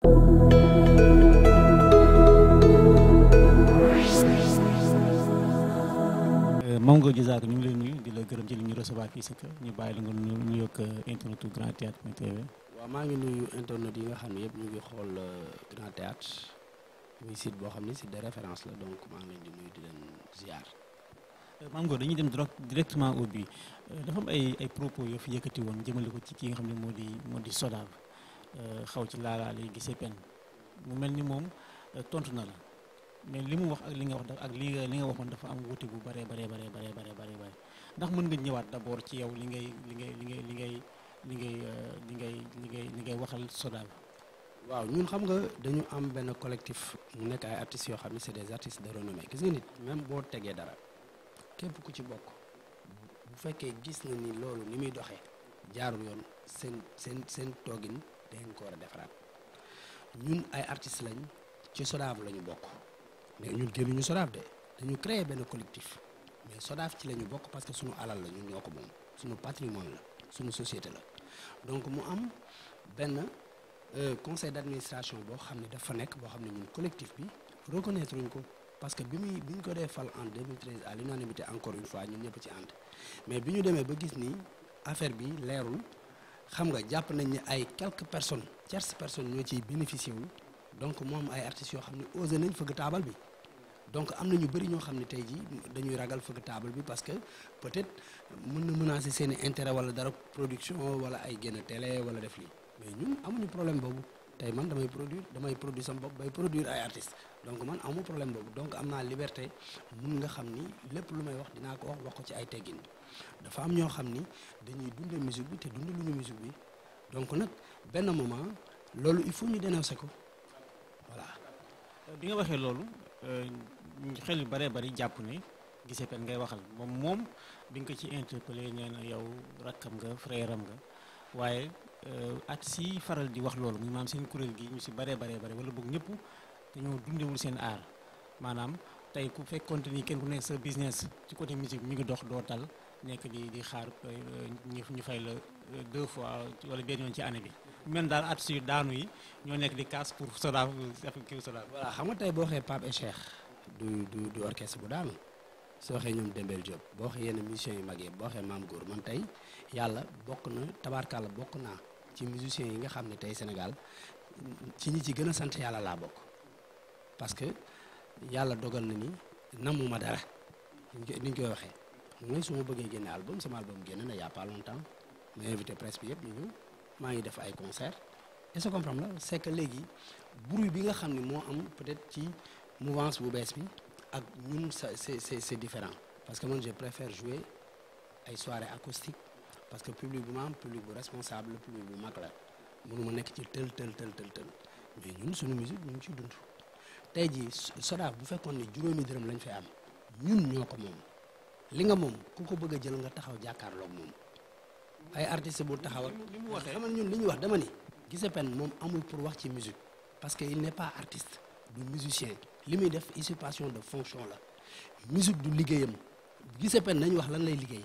Euh, Mamadou Diazaka ñu ngi lay nuyu di la gërëm ci li ñu recevoir fii si ñu bàyyi la nga nuyu ak euh, internet Grand Théâtre point TV. waa maa ngi nuyu internet yi nga xam ne yëpp ñu ngi xool euh, Grand Théâtre muy site boo xam ne site de référence la donc maa ngi leen di nuyu di leen ziar. Mame Ngor dañuy dem directement au but dafa am ay ay propos yoo fi yëkkati woon jëmale ko ci ki nga xam ne moo di moo di Sodav. xaw ci laalaale gisee pen mu mel ni moom euh, tontu na la mais li mu wax ak li nga wax dafa ak li nga nga waxoon dafa am wuti bu bare bare bare bare bare bare ndax mën nga ñëwaat d'abord ci yow li ngay li ngay li ngay li ngay li ngay euh, li ngay li ngay li ngay waxal Sodav waaw ñun xam nga dañu am benn collectif mu nekk ay artistes yoo xam ne c'est des artistes de renommée gis nga nit même boo tegee dara képp ku ci bokk bu fekkee gis na ni loolu ni muy doxee jaarul yoon seen seen seen toogin dañ ko war a defaraat ñun ay artistes lañ ci SODAV la ñu bokk mais ñun génnuñu SODAV de dañu créer benn collectif mais SODAV ci la ñu bokk parce que suñu alal la ñun ñoo ko moom suñu patrimoine la suñu société la donc mu am benn euh, conseil d'administration boo xam ne dafa nekk boo xam ne ñun collectif bi reconnaître ko parce que bi muy bi ñu ko dee fal en 2013 à l'unanimité encore une fois ñun ñëpp ci ànd mais bi ñu demee ba gis ni affaire bi leerul xam nga jàpp nañ ni ay quelques personnes tierces personnes ñoo ci bénéficier wu donc moom ay artistes yoo xam ne osé nañ fëgg taabal bi donc am na ñu bëri ñoo xam ne tey jii dañuy ragal fëgg taabal bi parce que peut-être mën na menacer seen intérêt wala dara production wala ay génn télé wala def lii mais ñun amuñu problème boobu. tey man damay produire damay produire sama bopp bay produire ay artistes donc man amu problème boobu donc am naa liberté mun nga xam ni lépp lu may wax dinaa ko wax wax ko ci ay teggin dafa am ñoo xam ni dañuy dunde musique bi te dundu lu ñu musique bi donc nag benn moment loolu il faut ñu dénoncer ko voilà. Euh, bi nga waxee loolu euh, xel yu bëree bari jàpp ne gise pen ngay waxal moom moom bi nga ko ci interpellé nee na yow rakkam nga frère am nga waaye. Euh, at yi faral di wax loolu mu maam seen kuréel gi ñu si baree baree bare wala boog ñëpp dañoo dundewul seen aar maanaam tey ku fekkoonte ni kenn ku nekk sa business ci côté musique mu ngi dox doo tal nekk di di xaar euh, ñu fay la euh, deux fois wala benn yoon ci année bi. mel daal at yu daanu yi ñoo nekk di casse pour Sodav kii Sodav. voilà xam nga tey boo xee Pape et Cheikh. du du du orchestre bu daanu. soo waxee ñoom Dembel Diop boo waxee yenn musiciens yu mag yi boo waxee Maam Góor man tey yàlla bokk na tabaarkàlla bokk naa ci musiciens yi nga xam ne tey Sénégal ci ñi ci gën a sant yàlla laa bokk parce que yàlla dogal na ni namuma dara niñ koy waxee mooy su ma bëggee génne album sama album génne na y' a pas longtemps ma invité presse bi yëpp ñu ñëw maa ngi def ay concert est-ce que comprendre la c'est que léegi bruit bi nga xam ne moo am peut-être ci mouvance bu bees bi ak ñun c'est c'est différent parce que man je préfère jouer ay soirées acoustiques parce que public bu public bu responsable public bu mag la mënu ma nekk ci tël tël tël tël tël mais ñun suñu musique ñu ngi ciy dund tey jii Sodav bu fekkoon ne juróomi dërëm lañ fay am ñun ñoo ko moom li nga moom ku ko bëgg a jël nga taxaw jàkkaarloog moom ay artiste bu taxawal xam ñun li wax dama ni Guissé Péne moom amul pour wax ci musique parce que il n'est pas artiste du musicien li muy def usurpation de fonction la musique du liggéeyam Guissé Péne nañu wax lan lay liggéey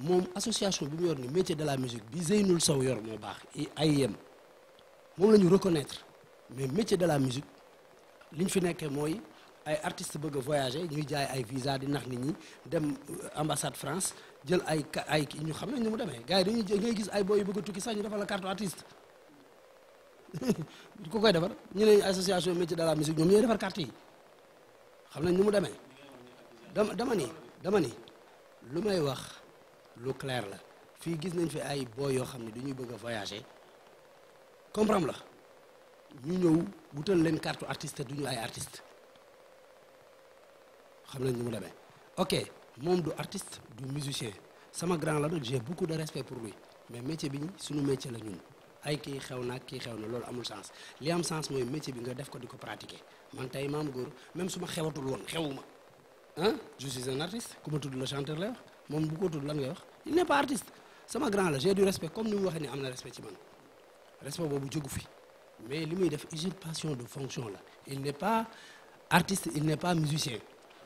Mon association métier de la musique bi Zeynul le yor baax ay C'est le reconnaître mais métier de la musique li que fi artiste, artistes bëgg voyager ñuy jaay visa di nax France jël ay ay ñu avons ni mu demee gars dañuy ngay gis ay yu bëgg carte métier de la musique nous carte yi mu ni dama ni je lu clair la fii gis nañ fi ay boy yoo xam ne dañuy bëgg a voyager comprendre la ñu ñëw wutal leen carte artiste duñu ay artiste xam nañ ni mu demee ok moom du artiste du musicien sama grand la nag j'ai beaucoup de respect pour lui mais métier bi suñu métier la ñun ay kii xew na ak kii xew na loolu amul sens li am sens mooy métier bi nga def ko di ko pratiquer man tey maam góor même su ma xewatul woon xewuma ah je suis un artiste ku ma tudd le chanteur la mon bu ko tudd lan ngay wax il n'est pas artiste sama grand là, j'ai du respect comme nous, on a ni respect ci man respect boobu jógu fi mais li muy def usurpation de fonction là. il n'est pas artiste il n'est pas musicien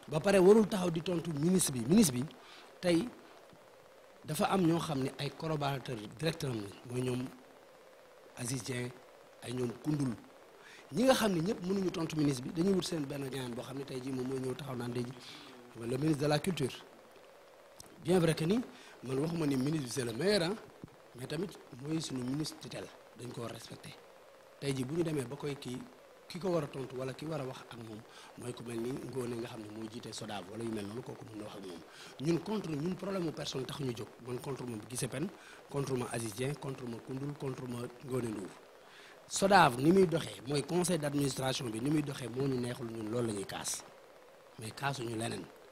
ba pare warul taxaw di ministre bi ministre bi tey dafa am ñoo xam ne ay collaborateur directeur am mooy ñoom Aziz ay ñom kundul ñi nga xamni ñep mënu ñu tontu ministre bi dañuy wut seen ben ñaan bo xamni tay ji jii ñew taxaw naan le ministre de la culture bien vrai que ni man waxuma ni ministre c'est le maire hein mais tamit moy suñu ministre tutelle dañ ko respecter tay ji bu ñu demee ba ki kiko wara tontu wala ki wara wax ak mom moy ku mel ni ngóone nga xamni moy jité jiite SODAV wala yu mel non koku mun wax ak moom ñun contre ñun problème personne tax ñu jóg man contre ma Guissé Pène contre ma Aziz Dieng contre ma kundul contre ma ngone Ndour SODAV ni muy doxé moy conseil d'administration bi ni muy doxé mo ñu neexul ñun loolu lañuy ñuy kaas mais ñu leneen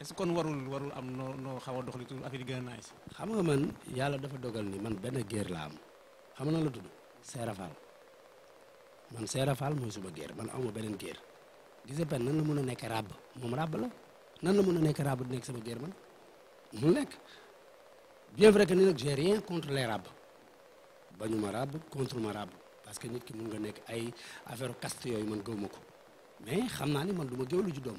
est-ce kon warul warul am noo xaw a doxali tuuti affaire yi xam nga man yàlla dafa dogal ni man benn géer laa xam na la tudd seerafal man seerafal mooy suma géer man awma beneen géer gise nan la mën a nekk ràbb moom ràbb la nan la mën a nekk ràbb nekk sama géer man mu nekk bien vrai que ni nag j'ai rien contre les ràbb bañu ma ràbb contre ma ràbb parce que nit ki mun nga nekk ay affaire caste yooyu man gëw ma ko mais xam naa ni man du ma géwlu ju doom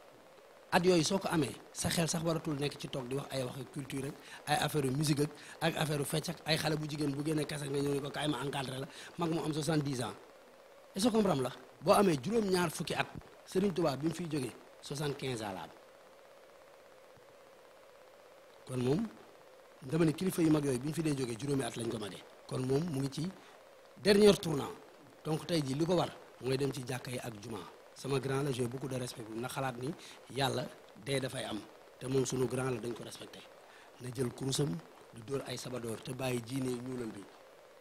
at soko amé sa xel sax waratul nek ci tok di wax ay wax culture ak ay affaire musique ak ak affaire fecc ak ay xalé bu jigen bu génnee kasse nga ñëw ko kaay ma encadré la mag mu am 70 ans est-ce que comprendre la bo amé juroom ñaar fukki at Serigne Touba bimu fi joggé 75 ans la kon mom dama ne kilifa yu mag yoy bimu fi dee joggé juroomi at lañ ko magee kon mom mu ngi ci dernier tournant donc tay ji liko war moy dem ci jakkay ak jumaa sama grand la j'ai beaucoup de respect bi na xalaat ni yàlla dee dafay am te moom sunu grand la dañ ko respecté na jël kurusam du dóor ay sabadoor te bàyyi jiinee ñuulam bi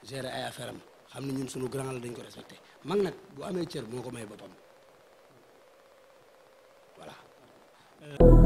gérer ay affaire am xam ne ñun sunu grand la dañ ko respecté mag nag bu amee cër moo ko may boppam voilà euh,